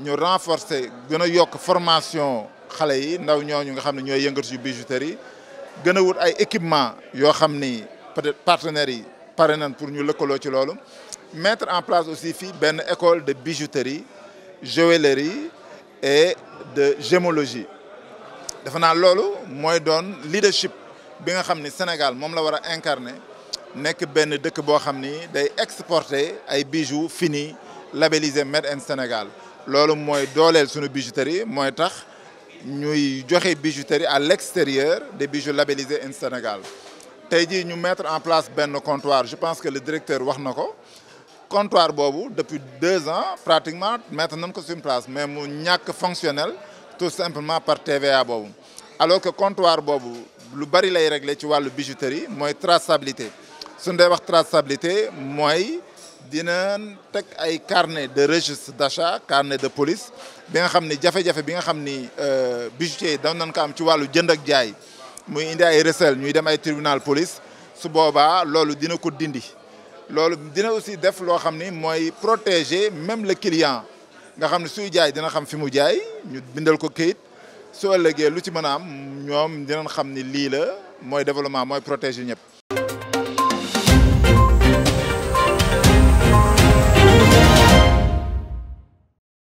ñu renforcer gën a formation xalé yi ndaw ñu nga xam ñoy ñooy ci bijouterie gëna wut ay équipement yo xam peut-être partenaires yi pare nañ pour ñu lekkolo ci loolu mettre en place aussi fi ben école de bijouterie joaillerie et de gémologie dafa na loolu moy doon leadership bi nga xam Sénégal mom la wara incarner nek ben dëkk bo xam day exporter ay bijoux finis labellisés made in Sénégal loolu mooy dooleel suñu bijouterie nous nous ñuy une bijouterie à l'extérieur des bijoux labellisés en Sénégal Nous nous ñu mettre en place un comptoir je pense que le directeur wax na comptoir depuis deux ans pratiquement mettre sont ko sur place mais mu fonctionnel tout simplement par TVA alors que comptoir ce lu bari lay régler ci le bijouterie la traçabilité suñ dee traçabilité dinañ teg ay carnet de registre d'achat carnet de police bi nga xamni jafé jafé bi nga xamni euh bijoutier yi dañ nañ ko am ci walu jënd ak jaay muy indi ay recel ñuy dem ay tribunal police su boba lolu dina ko dindi lolu dina aussi def lo xamni moy protéger même le client nga xamni ne suy jaay dina xam fi mu jaay ñu bindal ko keuyit su ëllëgee lu ci mëna am ñom dinañ xamni li la moy développement moy protéger ñep